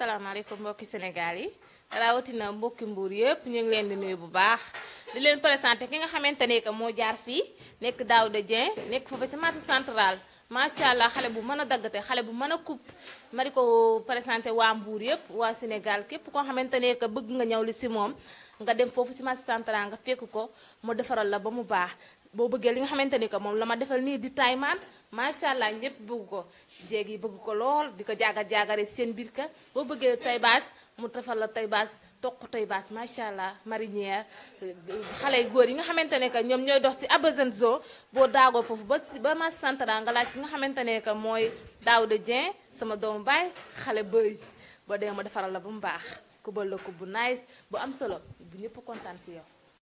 salaamaaleykum mbokki Sénégal yi rawatina mbokki mbuur yëpp ñu ngi leen di nuyu bu baax di leen présenté ki nga xamante ne que moo jaar fii nekk Daouda Dieng nekk foofu ci marché central macha allah xale bu mën a daggatee xale bu mën a coupe ma di ko présenté waa mbuur yëpp waa Sénégal képp koo xamante ne que bëgg nga ñëw li si moom nga dem foofu ci marché central nga fekk ko mu defaral la ba mu baax boo bëggee li nga xamante ni que moom la ma defal nii di taymaan macha allah ñëpp bëgg ko jéeg yi bëgg ko lool di ko jaagar jaagare seen biir ka boo bëggee tay mu defal la tay baas toq tay baas macha allah marinière xale yu góor yi nga xamante ne que ñoom ñooy dox si Abasanzo boo daagoo foofu ba si ba ma santra nga laaj ki nga xamante ne que mooy Daouda Dieng sama doomu baay xale bëy ba dee ma defaral la ba mu baax kubal la ko bu nice bu am solo ñëpp kontaan ci yow.